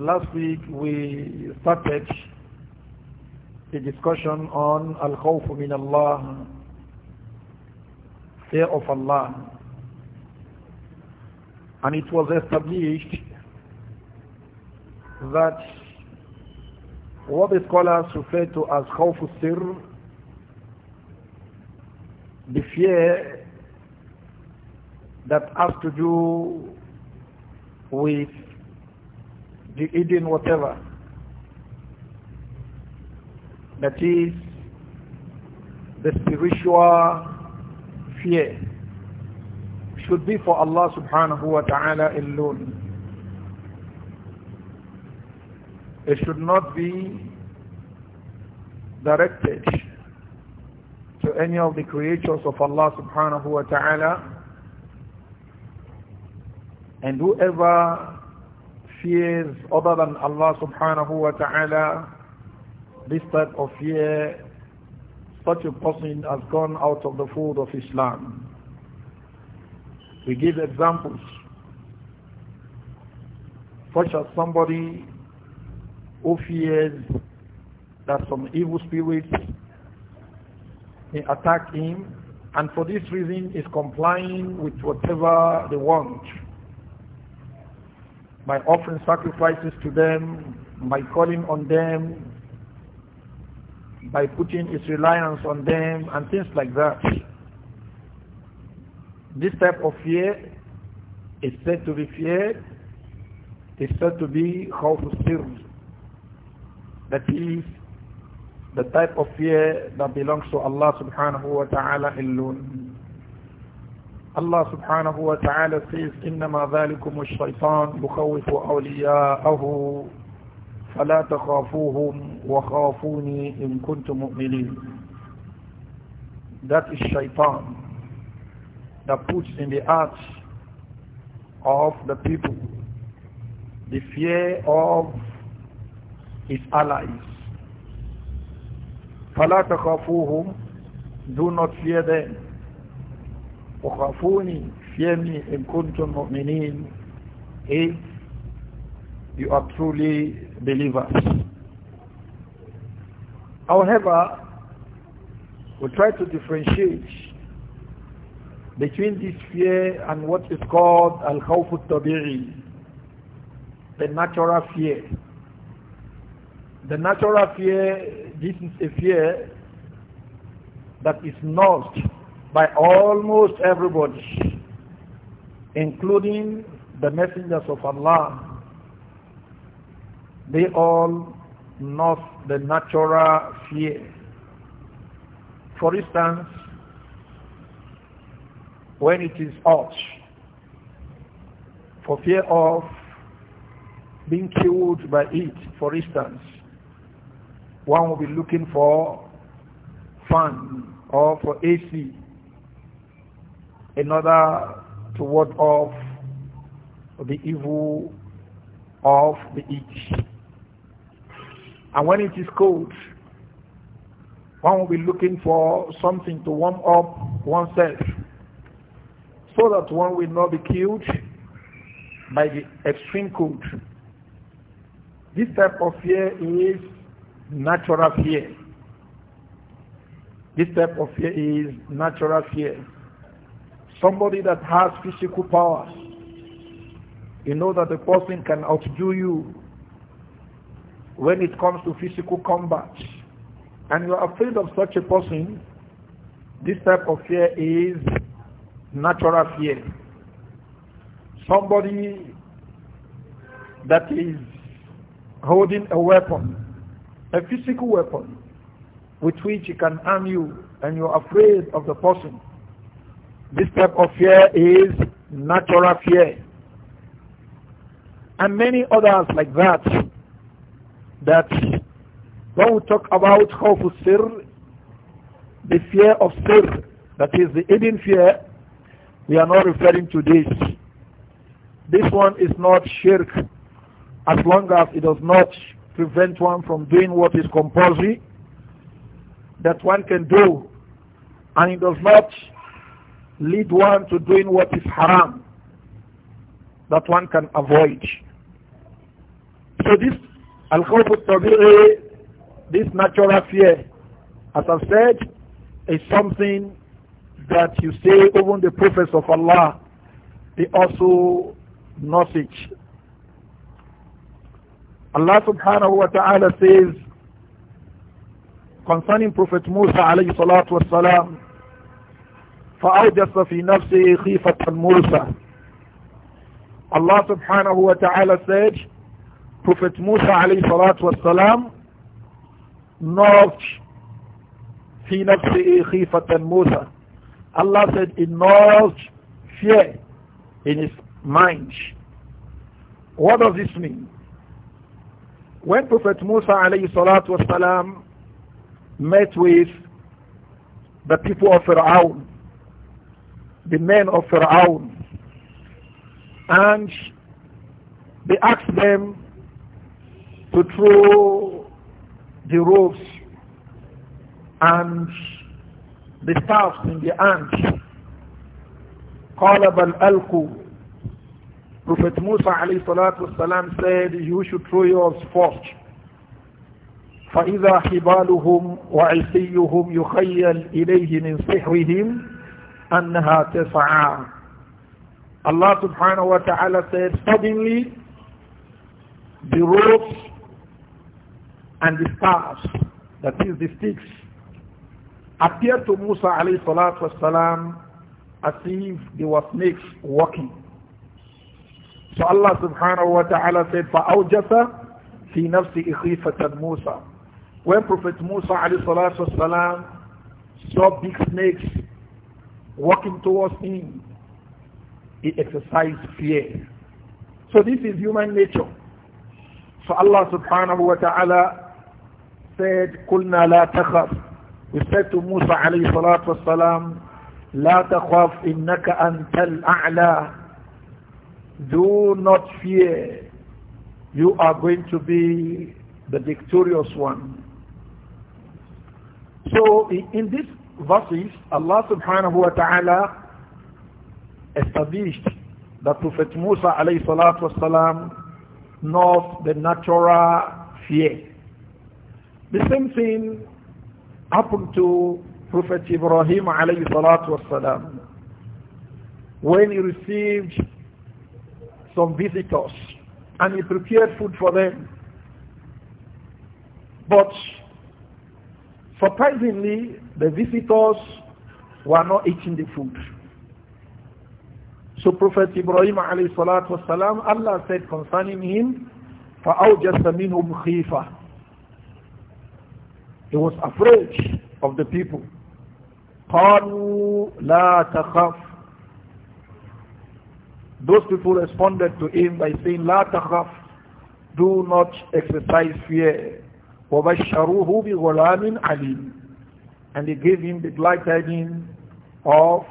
last week we started a discussion on Al-Khawf min Allah, fear of Allah. And it was established that what the scholars refer to as Khawf Sir, the fear that has to do with the Eden, whatever. That is the spiritual fear should be for Allah subhanahu wa ta'ala alone. It should not be directed to any of the creatures of Allah subhanahu wa ta'ala and whoever fears other than Allah subhanahu wa ta'ala, this type of fear, such a person has gone out of the fold of Islam. We give examples, such as somebody who fears that some evil spirits may attack him, and for this reason is complying with whatever they want by offering sacrifices to them, by calling on them, by putting its reliance on them and things like that. This type of fear is said to be fear, is said to be how to sirr. That is the type of fear that belongs to Allah subhanahu wa ta'ala alone. الله سبحانه وتعالى says إنما ذلكم الشيطان يخوف أولياءه فلا تخافوهم وخافوني إن كنتم مؤمنين That is shaitan that puts in the hearts of the people the fear of his allies. فَلَا تَخَافُوهُمْ Do not fear them. وخافوني fear me in kuntum you are truly believers. However, we try to differentiate between this fear and what is called al-khawf al-tabi'i, the natural fear. The natural fear, this is a fear that is nursed by almost everybody, including the messengers of Allah. They all know the natural fear. For instance, when it is hot, for fear of being killed by it, for instance, one will be looking for fan or for AC in order to ward off the evil of the itch. And when it is cold, one will be looking for something to warm up oneself so that one will not be killed by the extreme cold. This type of fear is natural fear. This type of fear is natural fear somebody that has physical power. You know that the person can outdo you when it comes to physical combat. And you are afraid of such a person. This type of fear is natural fear. Somebody that is holding a weapon, a physical weapon, with which he can harm you, and you're afraid of the person. This type of fear is natural fear. And many others like that, that when we talk about khawf sir, the fear of sir, that is the hidden fear, we are not referring to this. This one is not shirk as long as it does not prevent one from doing what is compulsory that one can do and it does not lead one to doing what is haram that one can avoid. So this al-khawf tabii this natural fear, as I've said, is something that you say even the prophets of Allah, they also knows it. Allah subhanahu wa ta'ala says concerning Prophet Musa alayhi salatu salam. فأوجس في نفسه خيفة موسى Allah subhanahu wa ta'ala said Prophet Musa عليه الصلاة والسلام salam في نفسه خيفة موسى Allah said he knocked fear in his mind What does this mean? When Prophet Musa alayhi salatu was met with the people of Fir'aun the men of Pharaoh and they asked them to throw the ropes and the staffs in the ants. قال al alku. Prophet Musa alayhi salatu wasalam said you should throw yours first. فإذا حبالهم وعصيهم يخيل إليه من سحرهم أنها تسعى Allah subhanahu wa ta'ala said, suddenly the ropes and the stars, that is the sticks, appeared to Musa alayhi salatu as if they were snakes walking. So Allah subhanahu wa ta'ala said, فَأَوْجَسَ فِي نَفْسِ إِخِيفَةً Musa. When Prophet Musa alayhi salatu saw big snakes walking towards him, he exercised fear. So this is human nature. So Allah subhanahu wa ta'ala said, قُلْنَا لَا تَخَفْ We said to Musa alayhi salatu wasalam, لَا تَخَفْ إِنَّكَ أَنْتَ الْأَعْلَى Do not fear. You are going to be the victorious one. So in this verses, Allah subhanahu wa ta'ala established that Prophet Musa alayhi salatu wasalam not the natural fear. The same thing happened to Prophet Ibrahim alayhi salatu wasalam when he received some visitors and he prepared food for them. But Surprisingly, the visitors were not eating the food. So Prophet Ibrahim alayhi salatu wasalam, Allah said concerning him, فَأَوْجَسَ مِنْهُمْ خِيفَةً He was afraid of the people. قَالُوا لَا تَخَفْ Those people responded to him by saying, لَا تَخَفْ Do not exercise fear. وَبَشَّرُوهُ بِغُلَامٍ عَلِيمٍ And they gave him the glad tidings of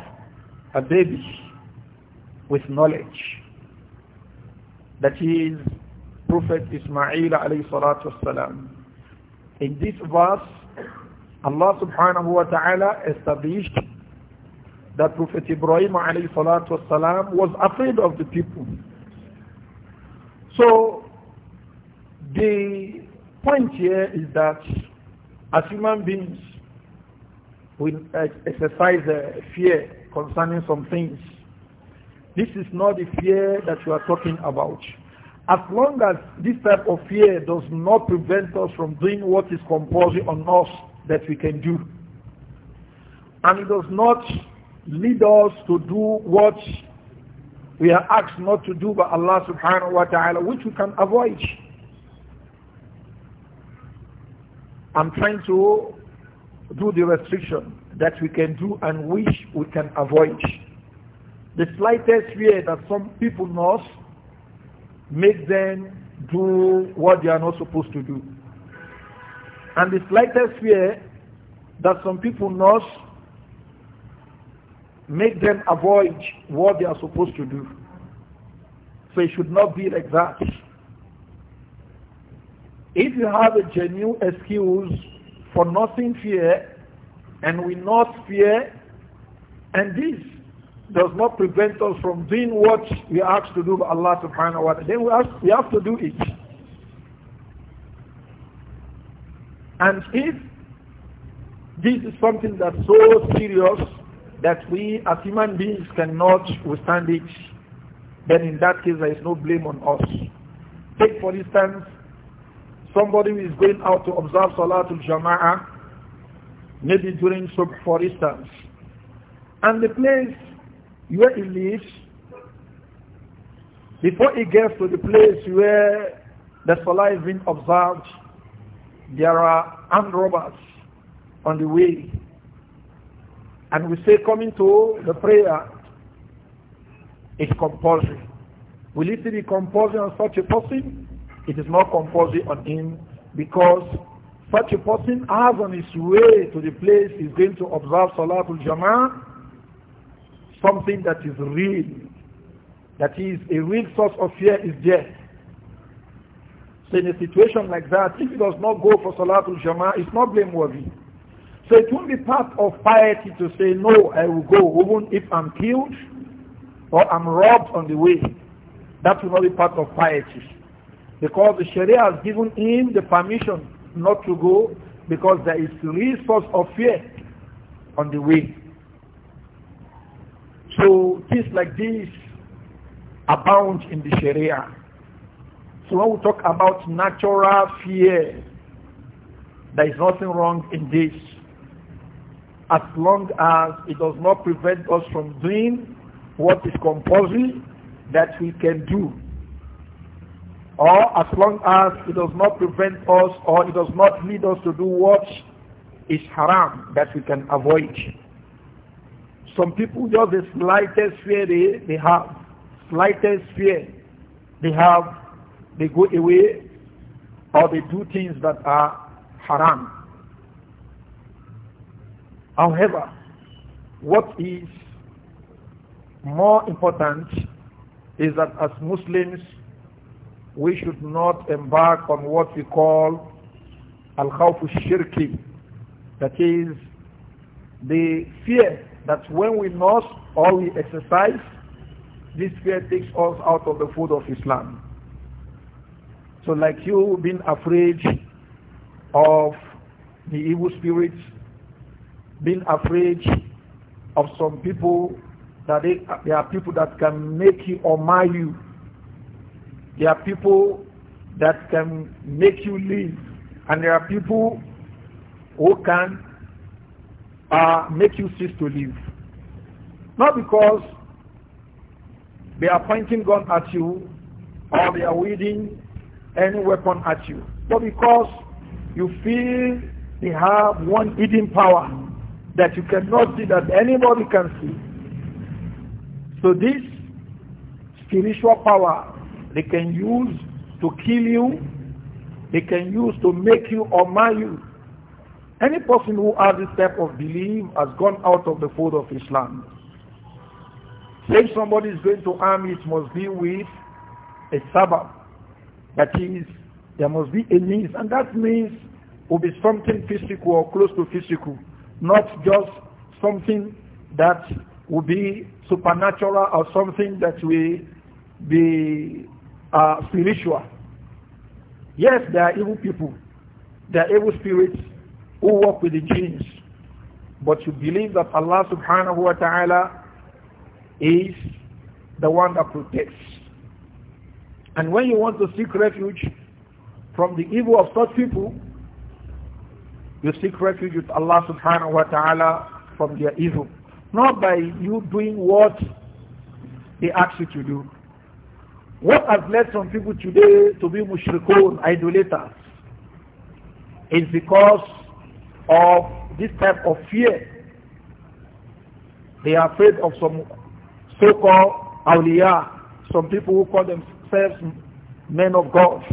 a baby with knowledge. That is Prophet Ismail alayhi salatu والسلام. In this verse, Allah subhanahu wa ta'ala established that Prophet Ibrahim alayhi salatu wasalam was afraid of the people. So the point here is that as human beings, we exercise fear concerning some things. This is not the fear that we are talking about. As long as this type of fear does not prevent us from doing what is compulsory on us that we can do, and it does not lead us to do what we are asked not to do by Allah subhanahu wa ta'ala, which we can avoid. I'm trying to do the restriction that we can do and which we can avoid. The slightest fear that some people know make them do what they are not supposed to do. And the slightest fear that some people know make them avoid what they are supposed to do. So it should not be like that. If you have a genuine excuse for not in fear, and we not fear, and this does not prevent us from doing what we ask to do by Allah subhanahu wa ta'ala, then we, ask, we have to do it. And if this is something that's so serious that we as human beings cannot withstand it, then in that case there is no blame on us. Take for instance somebody is going out to observe Salatul Jama'ah, maybe during Subh for instance, and the place where he lives, before he gets to the place where the Salah is being observed, there are armed robbers on the way. And we say coming to the prayer is compulsory. Will it be compulsory on such a person? it is not compulsory on him because such a person has on his way to the place he's going to observe Salatul Jama'ah something that is real, that is a real source of fear is death. So in a situation like that, if he does not go for Salatul Jama'ah, it's not blameworthy. So it won't be part of piety to say, no, I will go, even if I'm killed or I'm robbed on the way. That will not be part of piety. Because the Sharia has given him the permission not to go because there is real source of fear on the way. So things like this abound in the Sharia. So when we talk about natural fear, there is nothing wrong in this as long as it does not prevent us from doing what is compulsory that we can do or as long as it does not prevent us or it does not lead us to do what is haram that we can avoid. Some people just the slightest fear they, they have, slightest fear they have, they go away or they do things that are haram. However, what is more important is that as Muslims we should not embark on what we call al-khawf shirki that is the fear that when we nurse or we exercise, this fear takes us out of the fold of Islam. So like you being afraid of the evil spirits, being afraid of some people that they, they are people that can make you or mar you there are people that can make you live, and there are people who can uh, make you cease to live. Not because they are pointing gun at you or they are wielding any weapon at you, but because you feel they have one hidden power that you cannot see, that anybody can see. So this spiritual power they can use to kill you. They can use to make you or mar you. Any person who has this type of belief has gone out of the fold of Islam. If somebody is going to harm, it must be with a sabbath. That is, there must be a means. And that means will be something physical or close to physical, not just something that will be supernatural or something that will be spiritual. Yes, there are evil people. There are evil spirits who work with the jinns. But you believe that Allah subhanahu wa ta'ala is the one that protects. And when you want to seek refuge from the evil of such people, you seek refuge with Allah subhanahu wa ta'ala from their evil. Not by you doing what they ask you to do. What has led some people today to be mushrikun, idolaters, is because of this type of fear. They are afraid of some so-called awliya, some people who call themselves men of God.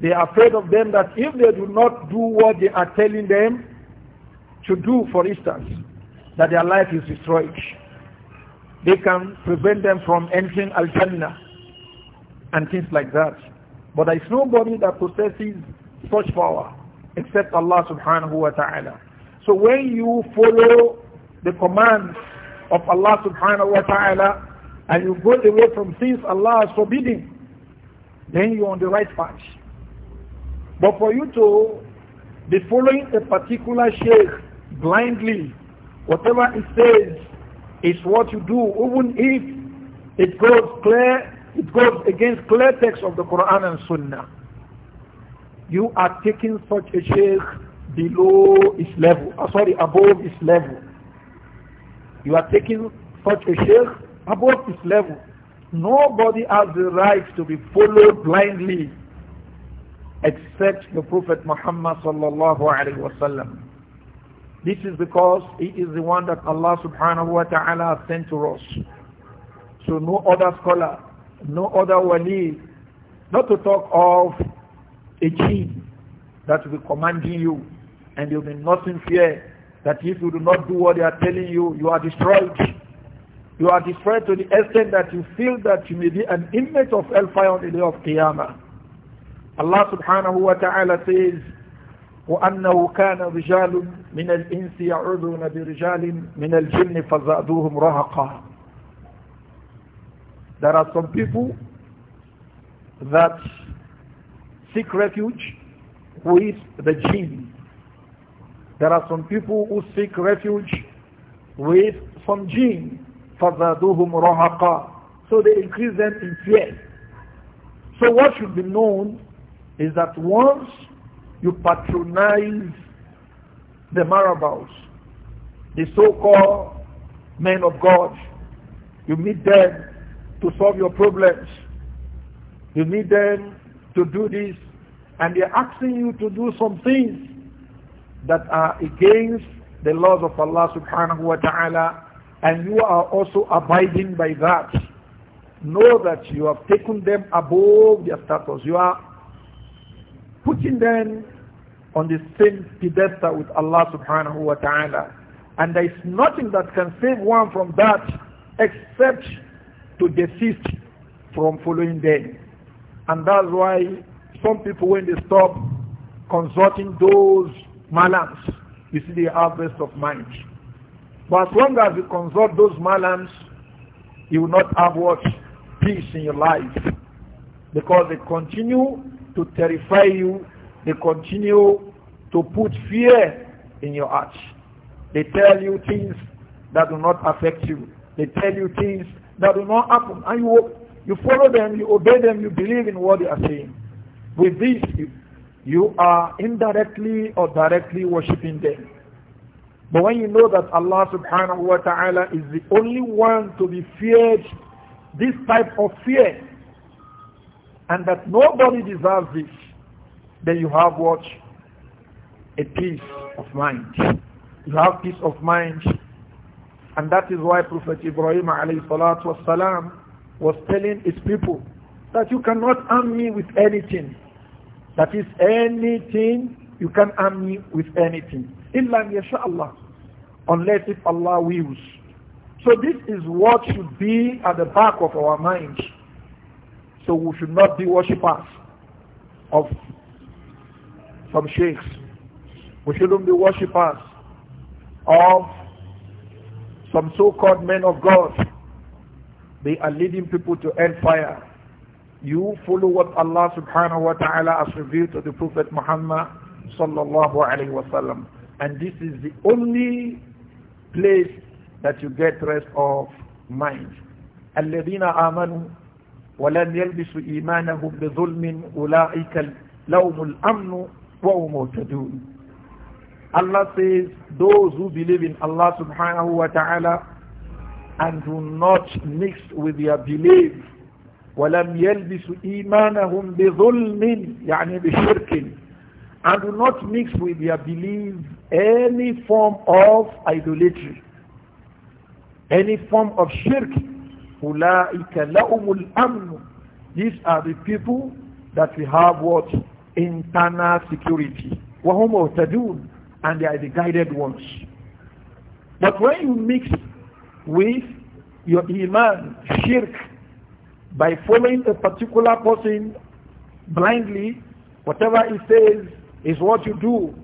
They are afraid of them that if they do not do what they are telling them to do, for instance, that their life is destroyed. They can prevent them from entering Al-Jannah and things like that. But there is nobody that possesses such power except Allah subhanahu wa ta'ala. So when you follow the commands of Allah subhanahu wa ta'ala and you go away from things Allah has forbidden, then you're on the right path. But for you to be following a particular sheikh blindly, whatever he says is what you do, even if it goes clear it goes against clear text of the Quran and Sunnah. You are taking such a sheikh below his level, uh, sorry, above his level. You are taking such a sheikh above his level. Nobody has the right to be followed blindly except the Prophet Muhammad sallallahu alaihi wasallam. This is because he is the one that Allah subhanahu wa ta'ala sent to us. So no other scholar no other wali, not to talk of a chief that will be commanding you and you'll be nothing fear that if you do not do what they are telling you, you are destroyed. You are destroyed to the extent that you feel that you may be an inmate of hellfire on the day of Qiyamah. Allah subhanahu wa ta'ala says, وأنه كان رجال من الإنس يعوذون برجال من الجن فزادوهم رهقا there are some people that seek refuge with the jinn. There are some people who seek refuge with some jinn. فَذَادُهُمْ رَهَقًا So they increase them in fear. So what should be known is that once you patronize the marabouts, the so-called men of God, you meet them to solve your problems. You need them to do this. And they're asking you to do some things that are against the laws of Allah subhanahu wa ta'ala. And you are also abiding by that. Know that you have taken them above their status. You are putting them on the same pedestal with Allah subhanahu wa ta'ala. And there is nothing that can save one from that except to desist from following them. And that's why some people, when they stop consulting those malams, you see they have rest of mind. But as long as you consult those malams, you will not have what? Peace in your life. Because they continue to terrify you. They continue to put fear in your heart. They tell you things that do not affect you. They tell you things that will not happen. And you, you follow them, you obey them, you believe in what they are saying. With this, you, you are indirectly or directly worshipping them. But when you know that Allah subhanahu wa ta'ala is the only one to be feared, this type of fear, and that nobody deserves this, then you have what? A peace of mind. You have peace of mind and that is why Prophet Ibrahim والسلام, was telling his people that you cannot arm me with anything. That is anything, you can arm me with anything. Illa Allah, unless if Allah wills. So this is what should be at the back of our minds. So we should not be worshippers of some sheikhs. We shouldn't be worshippers of some so-called men of God, they are leading people to hellfire. You follow what Allah subhanahu wa ta'ala has revealed to the Prophet Muhammad sallallahu alayhi wa And this is the only place that you get rest of mind. الذين آمنوا ولم يلبسوا إيمانهم بظلم أولئك لهم الأمن وهم مهتدون Allah says, those who believe in Allah subhanahu wa ta'ala and do not mix with their belief, وَلَمْ يَلْبِسُ إِيمَانَهُمْ بِظُلْمٍ يعني بِشِرْكٍ And do not mix with their belief any form of idolatry, any form of shirk. أُولَٰئِكَ لَهُمُ الْأَمْنُ These are the people that we have what? Internal security. وَهُمْ مُهْتَدُونَ and they are the guided ones. But when you mix with your iman, shirk, by following a particular person blindly, whatever he says is what you do.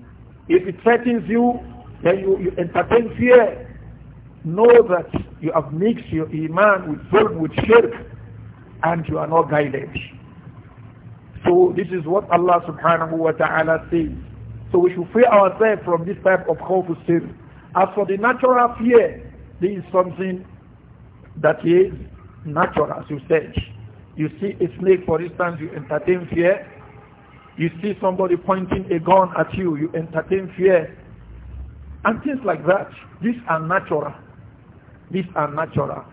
If it threatens you, then you, you entertain fear. Know that you have mixed your iman with zulm, with shirk, and you are not guided. So this is what Allah subhanahu wa ta'ala says. So we should free ourselves from this type of harmful sin. As for the natural fear, this is something that is natural, as you said. You see a snake, for instance, you entertain fear. You see somebody pointing a gun at you, you entertain fear. And things like that. These are natural. These are natural.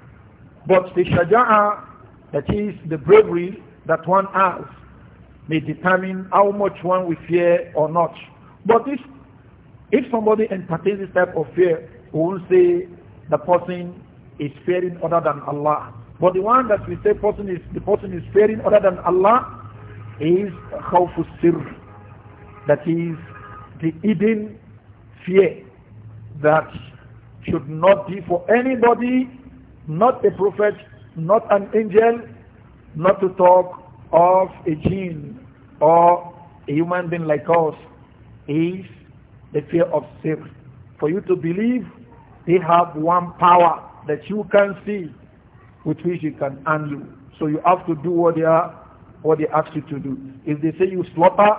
But the shaja'a, that is the bravery that one has, may determine how much one will fear or not. But if if somebody entertains this type of fear, we will say the person is fearing other than Allah. But the one that we say person is the person is fearing other than Allah is khawfu That is the hidden fear that should not be for anybody, not a prophet, not an angel, not to talk of a jinn or a human being like us is the fear of sin. For you to believe they have one power that you can see with which you can handle. So you have to do what they are what they ask you to do. If they say you slaughter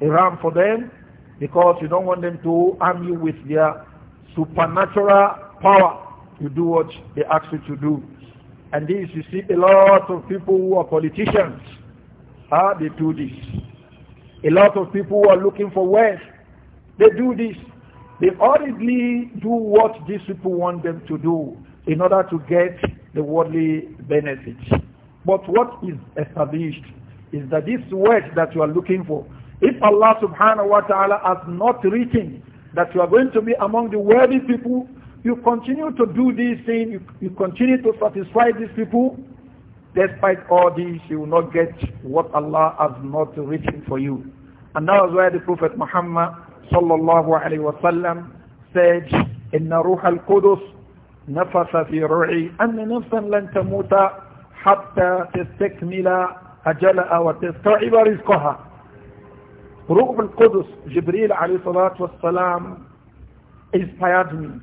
a ram for them because you don't want them to arm you with their supernatural power, you do what they ask you to do. And this you see a lot of people who are politicians. Ah, they do this. A lot of people who are looking for wealth, they do this. They audibly do what these people want them to do in order to get the worldly benefits. But what is established is that this wealth that you are looking for, if Allah subhanahu wa ta'ala has not written that you are going to be among the wealthy people, you continue to do these things, you, you continue to satisfy these people, despite all this, you will not get what Allah has not written for you. And that was why the Prophet Muhammad sallallahu alayhi wa sallam said, إِنَّ رُوحَ الْقُدُسِ نَفَثَ فِي رُعِي أَنَّ نَفْسًا لَن تَمُوتَ حَتَّى تَسْتَكْمِلَ أَجَلَأَ وَتَسْتَعِبَ رِزْقَهَا Ruh al-Qudus, Jibreel alayhi salatu wasalam, inspired me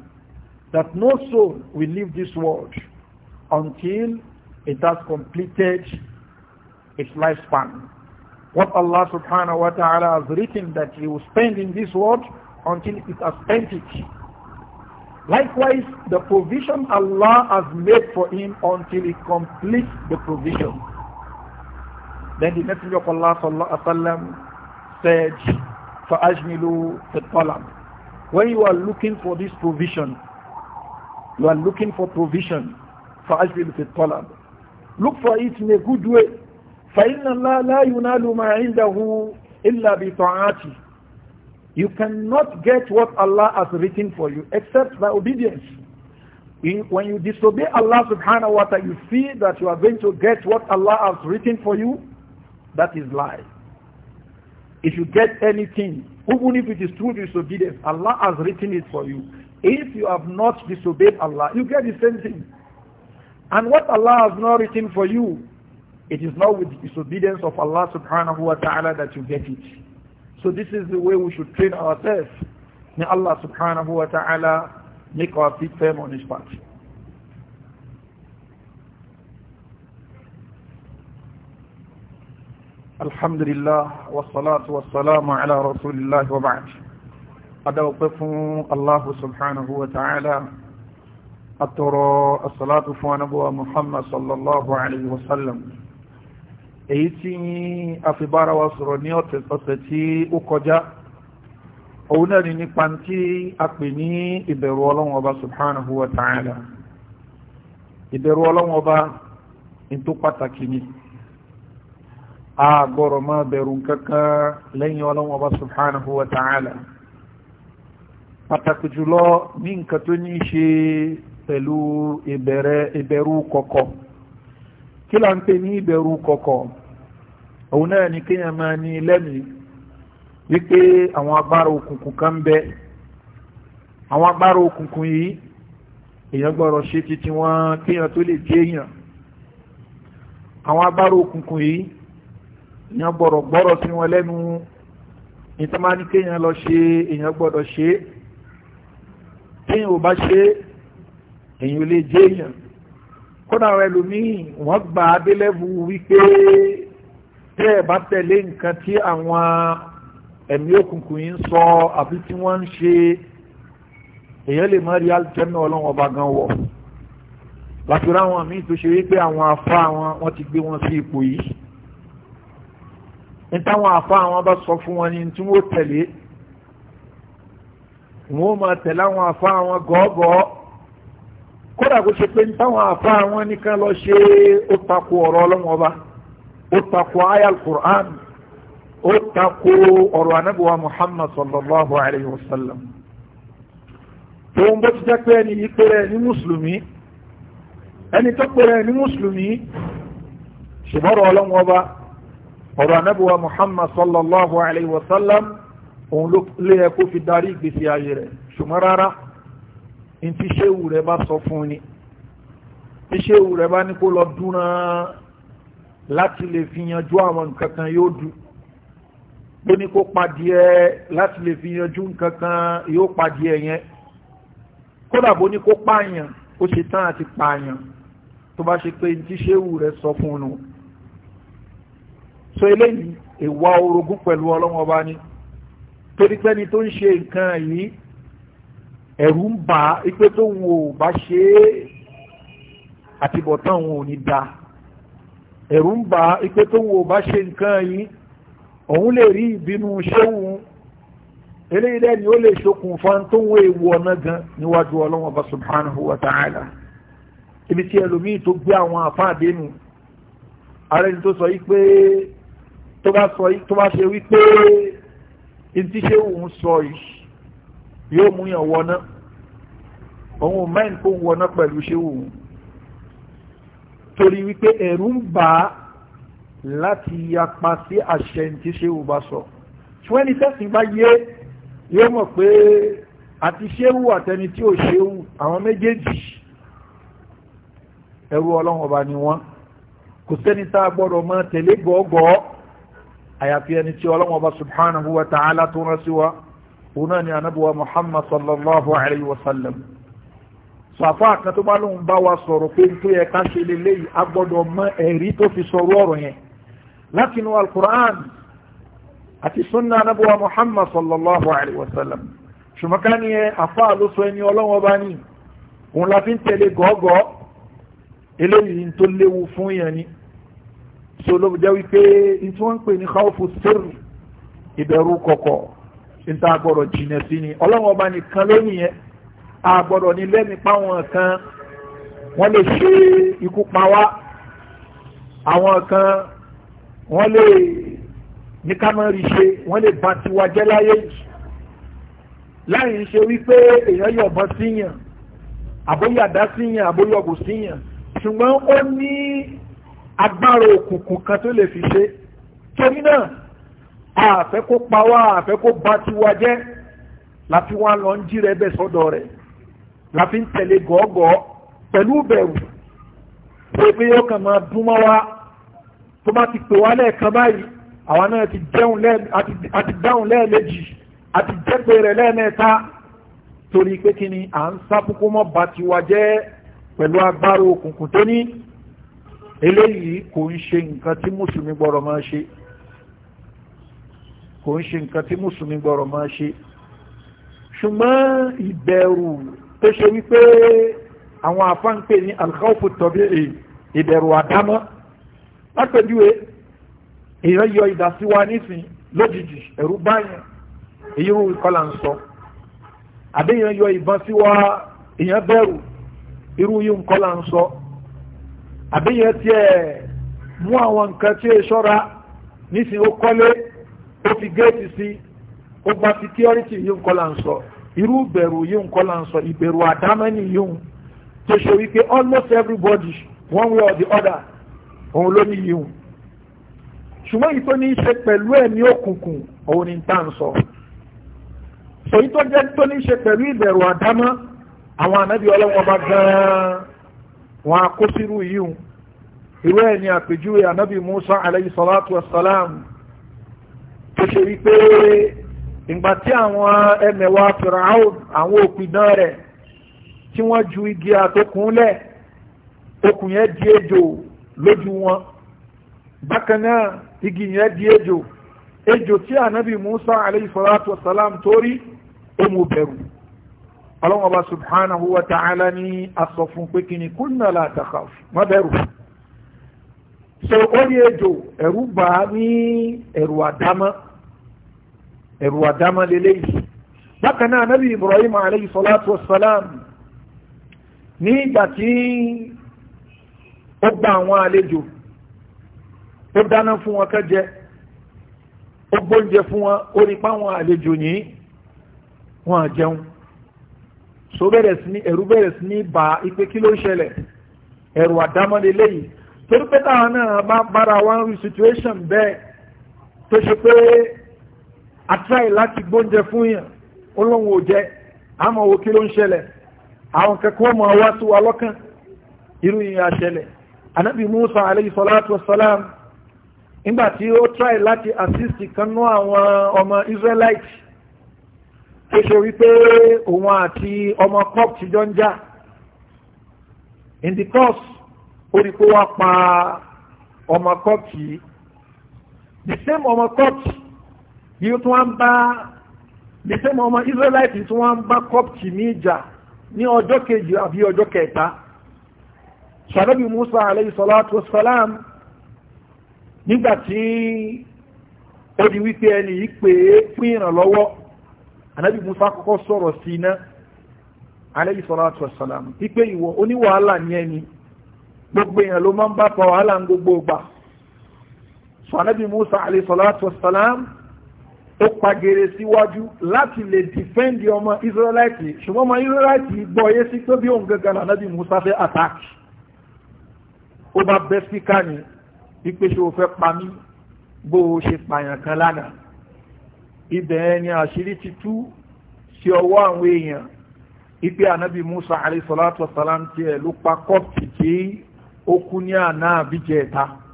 that no soul will leave this world until it has completed its lifespan. What Allah subhanahu wa ta'ala has written that He will spend in this world until it has spent it. Likewise, the provision Allah has made for him until he completes the provision. Then the Messenger of Allah sallallahu alaihi wasallam said, فَأَجْمِلُوا فِي When you are looking for this provision, you are looking for provision, فَأَجْمِلُوا فِي Look for it in a good way. فَإِنَّ اللَّهَ لَا يُنَالُ مَا عِنْدَهُ إِلَّا بِطَاعَتِهِ You cannot get what Allah has written for you except by obedience. When you disobey Allah subhanahu wa ta'ala, you see that you are going to get what Allah has written for you. That is lie. If you get anything, even if it is true disobedience, Allah has written it for you. If you have not disobeyed Allah, you get the same thing. And what Allah has not written for you, it is not with disobedience of Allah subhanahu wa ta'ala that you get it. So this is the way we should train ourselves. May Allah subhanahu wa ta'ala make our feet firm on his path. الحمد لله والصلاة والسلام على رسول الله وبعد أدوقف الله سبحانه وتعالى àtọ̀rọ̀ asàlátù fún anábọ́wà muhammad sallallahu alayhi wa sallam èyí tí a fi bára wa sọ̀rọ̀ ní ọ̀sẹ̀ tí ó kọjá òun náà ni nípa tí a pè ní ìbẹ̀rù ọlọ́wọ́n ọba subhanahu wa ta'ala ìbẹ̀rù ọlọ́wọ́n ní tó pàtàkì ni a gbọ́rọ̀ máa bẹ̀rù kankan lẹ́yìn ọlọ́wọ́n subhanahu wa ta'ala pàtàkì jùlọ ní nǹkan tó ní ṣe pẹ̀lú ìbẹ̀rù kọ̀kọ̀ kí la ń pè ní ìbẹ̀rù kọ̀kọ̀ òun náà ni kíyàn máa ní lẹ́mìí wípé àwọn agbára òkùnkùn kan ń bẹ àwọn agbára òkùnkùn yìí èèyàn gbọ́dọ̀ ṣe titi wọn kíyàn tó lè jẹ́ èèyàn àwọn agbára òkùnkùn yìí èèyàn gbọ́dọ̀ gbọ́rọ̀ sí wọn lẹ́nu ìtàn kéèyàn lọ ṣe èèyàn gbọ́dọ̀ ṣe é téèyàn ò bá ṣe é èyí ò lè jẹ́ èèyàn kódà àwọn ẹlòmíì wọ́n gbà á dé lẹ́bù wípé tẹ́ ẹ̀ bá tẹ̀lé nǹkan tí àwọn ẹ̀mí òkùnkùn yìí ń sọ àbí tí wọ́n ń ṣe èèyàn lè má rí alìjẹ́nà ọlọ́run ọba gan wọ̀ láti ráwọn míì tó ṣe wípé àwọn afá wọn wọ́n ti gbé wọn sí ipò yìí ní táwọn afá wọn bá sọ fún wọn ní tí wọ́n tẹ̀lé wọ́n máa tẹ̀lé àwọn afá wọn gọ́ọ̀gọ́ọ̀ kódà kó ṣe pé táwọn àfa àwọn nìkan lọ ṣe ó takò ọ̀rọ̀ ọlọ́wọ́n ọba ó takò ayal Qur'an ó takò ọ̀rọ̀ anábìwá Muhammad sallallahu alayhi wa sallam tó ń bó ti jẹ́ pé ẹni yìí péré ní mùsùlùmí ẹni tó péré ní mùsùlùmí ṣùgbọ́rọ̀ ọlọ́wọ́n ọba ọ̀rọ̀ anábìwá Muhammad sallallahu alayhi wa sallam òun ló lé ẹkó fi darí ìgbésí ayé rẹ̀ ṣùgbọ́n rárá tí ṣéwù rẹ̀ bá sọ fún ni tí ṣéwù rẹ̀ bá ní kó lọ dúnrán láti lè fi yanjú àwọn nǹkan kan yóò dùn ó ní kó padìẹ láti lè fi yanjú nǹkan kan yóò padìẹ yẹn kódà bó ní kó pààyàn ó ṣe tán àti pààyàn tó bá ṣe pé tí ṣéwù rẹ̀ sọ fún un so eléyìí ìwà orogún pẹ̀lú ọlọ́wọ́n ọba ni torí tó ń ṣe nǹkan yìí ẹ̀rù ń bà á ipé tó wo bá ṣe é àtibọ̀tán òun ò ní da ẹ̀rù ń bà á ipé tó ń wo bá ṣe nǹkan yìí òun lè rí ìbínú ṣéhùn eléyìí lẹ́ni ó lè ṣokùnfà tó ń wo ewu ọ̀nà gan níwájú ọlọ́wọ́n ọba subhanahu wa ta'ala ibi tí ẹlòmíì tó gbé àwọn àfáàdé nù ara ẹni tó sọ yìí pé tó bá ṣe wípé ntí ṣéhùn sọ yìí yóò mú yàn wọná òun ò mẹ́rin kó wọná pẹ̀lú ṣé òun torí wípé ẹ̀rù ń bà á láti yapa sí àṣẹ tí ṣé òun bá sọ fún ẹni tẹ́sìn bá yé yóò mọ̀ pé àti ṣéwù àtẹni tí ò ṣéwù àwọn méjèèjì ẹrú ọlọ́run ọba ni wọ́n kò sẹ́ni tá a gbọ́dọ̀ máa tẹ̀lé gọ́ọ̀gọ́ àyàfi ẹni tí ọlọ́run ọba subhanahu wa ta'ala tó rán sí wa òun náà ni anábíwá muhammad sallallahu alayhi wa sallam sàfà kan tó bá lóun bá wa sọ̀rọ̀ pé tó yẹ ká ṣe lélẹ́yìí a gbọ́dọ̀ mọ ẹ̀rí tó fi sọ̀rọ̀ ọ̀rọ̀ yẹn láti inú alukur'an àti sunna anábíwá muhammad sallallahu alayhi wa sallam ṣùgbọ́n ká ní ẹ àfà ló sọ ẹni ọlọ́wọ́ bá ní òun la fi ń tẹ̀lé gọ́gọ́ eléyìí tó léwu fún yẹn ni so ló jẹ́ wípé ń pè ní káwọ́fù sírì ìbẹ̀rù kọ̀kọ̀ níta gbọ́dọ̀ jìnà sí ni ọlọ́run ọba nìkan ló nìyẹn a gbọ́dọ̀ ní lẹ́mìí páwọn kan wọ́n lè ṣe ikú pa wá àwọn kan wọ́n lè ní ká máa rí ṣe wọ́n lè bá tiwa jẹ́ láyé láyìn ṣe wípé èèyàn yọ̀bọ̀n síyàn àbóyàdá síyàn àbóyọ̀bù síyàn ṣùgbọ́n ó ní agbára òkùnkùn kan tó lè fi ṣe torí náà àfẹ́ kó pa wá àfẹ́ kó bá tiwa jẹ́ láfi wọn lọ ń jí rẹ bẹ́ sọ́dọ̀ rẹ̀ láfi ń tẹ̀lé gọ́ọ̀gọ́ pẹ̀lú bẹ̀rù pé pé yóò kàn máa dún mọ́ wa tó bá ti pè wá lẹ́ẹ̀kan báyìí àwọn náà ti dáhùn lẹ́ẹ̀mejì àti jẹ́pẹ̀ rẹ̀ lẹ́ẹ̀mẹ́ta torí pé kí ni à ń sá púpọ̀ mọ́ bá tiwa jẹ́ pẹ̀lú agbára òkùnkùn tó ní eléyìí kò ń ṣe nǹkan tí mùsùlùmí gbọ́dọ̀ máa ṣe kò ń ṣe nǹkan tí mùsùlùmí gbọ́rọ̀ máa ṣe ṣùgbọ́n ìbẹ̀rù tó ṣe wípé àwọn àfáǹpẹ̀ ní alkhawfu tabi'i ìbẹ̀rù àdámọ́ lápẹ̀júwe èèyàn yọ ìdásíwá nísìn lójijì ẹ̀rú báyìí èyí rú ìkọlà ń sọ àbẹ́yàn yọ ìbọn síwá èèyàn bẹ̀rù irú yìí nǹkan ń sọ àbíyẹn tiẹ̀ mú àwọn nǹkan tí ó ṣọ́ra nísìn ó kọ́lé ó fi géètì sí ó gba security yìí ń kọ́ là ń sọ irú ìbẹ̀rù yìí ń kọ́ là ń sọ ìbẹ̀rù àdámẹ́ni yìí ń tó ṣe wípé almost everybody one way or the other òun ló ní yìí ń ṣùgbọ́n èyí tó ní í ṣe pẹ̀lú ẹ̀mí òkùnkùn òun ni tá à ń sọ èyí tó jẹ́ tó ní í ṣe pẹ̀lú ìbẹ̀rù àdámọ́ àwọn ànábì ọlọ́wọ́n bá gan-an wọn a kó sírú yìí ń irú ẹ̀ ní àpèjúwe ànábì Musa alayhi salatu wa salam tó ṣe wípé ìgbà tí àwọn ẹmẹ̀wà fìràún àwọn òpìdán rẹ̀ tí wọ́n ju igi àtòkúnlẹ̀ okùn yẹn di ejò lójú wọn bákan náà igi yẹn di ejò ejò tí ànábì musa alayhi salatu wa salam torí ó mú bẹ̀rù ọlọ́wọ́n bá subhanahu wa ta'ala ní asọ fún pé kí ni kunna la takhaf má bẹ̀rù so ó rí ejò ẹ̀rù bá ní ẹ̀rù àdámọ́ ẹ̀rù àdámá lélẹ́yìí bákan náà nabi ibrahim alayhi salatu wassalam ní ìgbà tí ó gba àwọn àlejò ó dáná fún wọn kẹjẹ ó gbóúnjẹ fún wọn ó rí páwọn àlejò yìí wọn à jẹun so bẹ̀rẹ̀ sí ní ẹ̀rù bẹ̀rẹ̀ sí ní bá ipe kí ló ń ṣẹlẹ̀ ẹ̀rù àdámá lélẹ́yìí torí pé táwọn náà bá bára wọn rí situation bẹ́ẹ̀ tó ṣe pé atrai láti gbóúnjẹ fún yàn olóhùn ò jẹ àmọ́ wo kí ló ń ṣẹlẹ̀ àwọn kẹ́kọ̀ọ́ mọ̀ wá sí wa lọ́kàn irú yìí ṣẹlẹ̀ anabi musa alayhi salatu wa salam nígbà tí try láti assist kanú àwọn ọmọ israelite tó ṣe wípé òun àti in the course ó pa ọmọ cop yìí the same ọmọ cop bí tí wọ́n bá the same ọmọ israelite tí wọ́n bá kọ́pì ní ìjà ní ọjọ́ kejì àbí ọjọ́ kẹta sàdọ́bì musa alayhi salatu wasalam nígbàtí ó di wípé ẹni yìí pé fún ìrànlọ́wọ́ anábì musa kọ́kọ́ sọ̀rọ̀ sí iná alayhi salatu wasalam wípé ìwọ oníwàhálà ní ẹni gbogbo èèyàn ló máa ń bá pa wàhálà ń gbogbo gbà sọ musa alayhi salatu wasalam ó pagere síwájú láti lè dìfẹ́ndì ọmọ israelite ṣùgbọ́n ma israelite gbọ́yé sí pé bí òun gangan ànábì musa fẹ́ attack ó bá bẹ́ síkà ní ipe ṣe ò fẹ́ pa mí bó o ṣe pààyàn kan lánàá ibẹ̀ ẹ ni àṣírí ti tú sí ọwọ́ àwọn èèyàn ipe ànábì musa alayhi salatu wa salam tiẹ̀ ló pa kọ́ọ̀tì tí ó kú ní àná àbíjẹ̀ta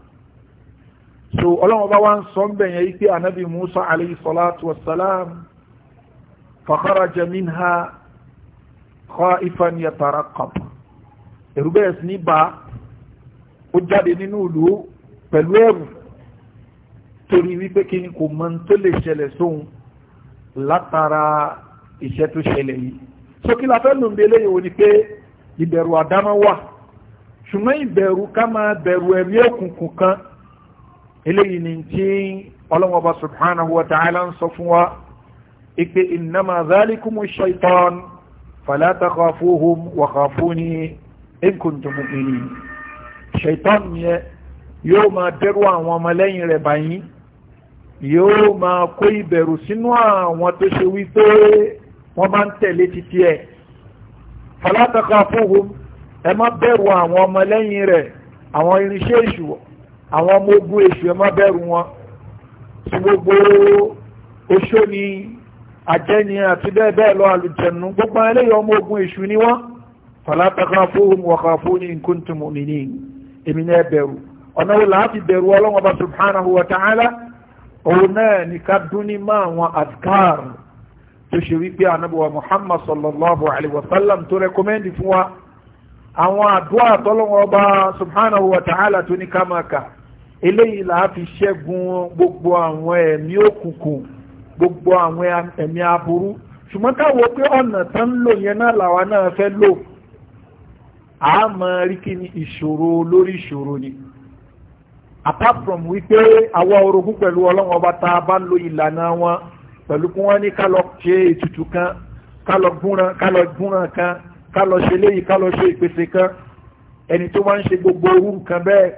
so ọlọ́wọ́n bá wá ń sọ ń bẹ̀yẹn yí pé anabi musa alayhi salatu wa salam fakharaja minha khaifan yataraqab ẹ̀rù bẹ́ẹ̀ sì ní bá ó jáde nínú ìlú pẹ̀lú ẹ̀rù torí wípé kí ni kò mọ tó lè ṣẹlẹ̀ sóhun látara iṣẹ́ tó ṣẹlẹ̀ yìí so kí la fẹ́ lò ń bẹ eléyìí ni pé ìbẹ̀rù àdámọ́ wà ṣùgbọ́n ìbẹ̀rù ká máa bẹ̀rù ẹ̀mí òkùnkùn kan eléyìí ni tí ọlọ́wọ́ba subhanahu wa ta'ala ń sọ fún wa ipe innama zalikumu shaitan fala takhafuhum wa khafuni in kuntum mu'minin shaitan yẹ yóò máa dẹ́rù àwọn ọmọlẹ́yìn rẹ̀ báyìí yóò máa kó ìbẹ̀rù sínú àwọn tó ṣe wípé wọ́n bá ń tẹ̀lé títí ẹ̀ fala takhafuhum ẹ má bẹ̀rù àwọn ọmọlẹ́yìn rẹ̀ àwọn irinṣẹ́ ìṣùwọ̀ àwọn ọmọ ogun èṣù ẹ má bẹ̀rù wọn tí gbogbo oṣó ni àjẹni àti bẹ́ẹ̀ bẹ́ẹ̀ lọ àlùjẹ̀nu gbogbo eléyìí ọmọ ogun èṣù ni wọ́n fala takhafuhum wa khafuni in kuntum mu'minin èmi náà bẹ̀rù ọ̀nà wo láti bẹ̀rù ọlọ́wọ́n bá subhanahu wa ta'ala òun náà ní ká dún ní máa wọn adkar tó ṣe wípé anábọ̀wá muhammad sallallahu alayhi wa sallam tó rẹ́kọ́mẹ́ndì fún wa àwọn àdúrà tọ́lọ́wọ́n bá subhanahu wa ta'ala tó ní ká máa kà eléyìí là á fi ṣẹ́gun gbogbo àwọn ẹ̀mí òkùnkùn gbogbo àwọn ẹ̀mí aburú ṣùgbọ́n káwọ́ pé ọ̀nà tán lò yẹn náà làwa náà fẹ́ lò a mọ̀ rí ni ìṣòro lórí ìṣòro ni apart from wípé àwa orogún pẹ̀lú ọlọ́run ọba tá a bá lo ìlànà wọn pẹ̀lú kí wọ́n ní ká lọ ṣe ètùtù kan ká lọ gúnran ká lọ gúnran kan ká lọ ṣe léyìí ká lọ ṣe ìpèsè kan ẹni tó máa ń ṣe gbogbo orú nǹkan bẹ́ẹ̀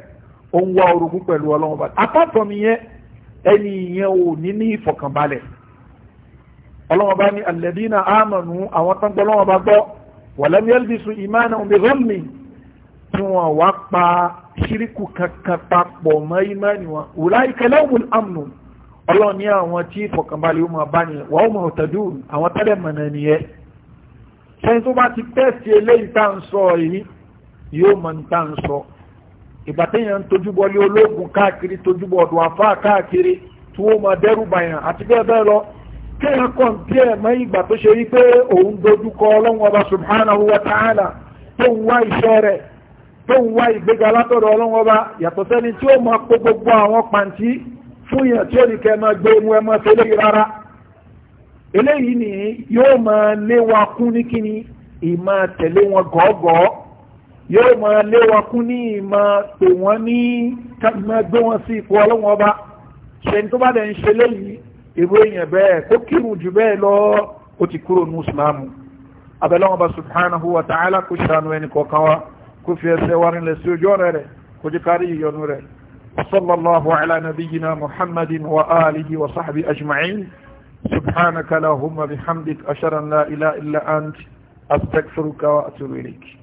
ó ń wá orogún pẹ̀lú ọlọ́run bá apátọ̀ mi yẹn ẹni yẹn ò ní ní ìfọ̀kànbalẹ̀ ọlọ́run bá ní alladina amanu àwọn tán gbọ́ ọlọ́run bá gbọ́ walam yalbisu imanahum bi ghammi tí wọ́n wá pa ṣíríkù kankan papọ̀ mọ́ ìmánì wọn ulaika lahumul amnu ọlọ́run ní àwọn tí ìfọ̀kànbalẹ̀ ó máa bá nìyẹn wa hum muhtadun àwọn tẹ́lẹ̀ mọ̀nà nìyẹn sẹ́yìn tó bá ti tẹ́sí eléyìí tá à ń sọ yìí yóò mọ̀ ní tá à ń sọ ìgbà téèyàn ń tojúbọlé ológun káàkiri tojúbọ ọdún afá káàkiri tí wọn máa dẹrù bàyàn àti bẹ́ẹ̀ lọ kéèyàn kàn díẹ̀ mọ́ ìgbà tó ṣe pé òun dojúkọ ọlọ́run ọba subhanahu wa ta'ala tó ń wá iṣẹ́ rẹ̀ tó ń wá ìgbéga látọ̀dọ̀ ọlọ́run ọba yàtọ̀ sẹ́ni tí ó máa gbogbo àwọn pàǹtí fún yàn tí ó ní máa gbé mu ẹ máa rárá yóò máa lé wọn kún ní ìmọ̀ pé wọ́n ní kágbọ́n gbé wọn sí ipò ọlọ́wọ́n ọba ṣẹ́ni tó bá dẹ̀ ń ṣe léyìí èrò èèyàn bẹ́ẹ̀ kó kírun jù bẹ́ẹ̀ lọ ó ti kúrò ní ìsìlámù abẹ́lẹ́wọ̀n bá subhanahu wa ta'ala kó ṣàánú ẹnì kọ̀ọ̀kan wa kó fi ẹsẹ̀ wa rinlẹ̀ sí ojú ọ̀rẹ́ rẹ̀ kó jẹ́ kárí ìyọnu rẹ̀ وصلى الله على نبينا محمد وآله وصحبه أجمعين سبحانك اللهم بحمدك أشهد أن لا إله إلا أنت أستغفرك وأتوب إليك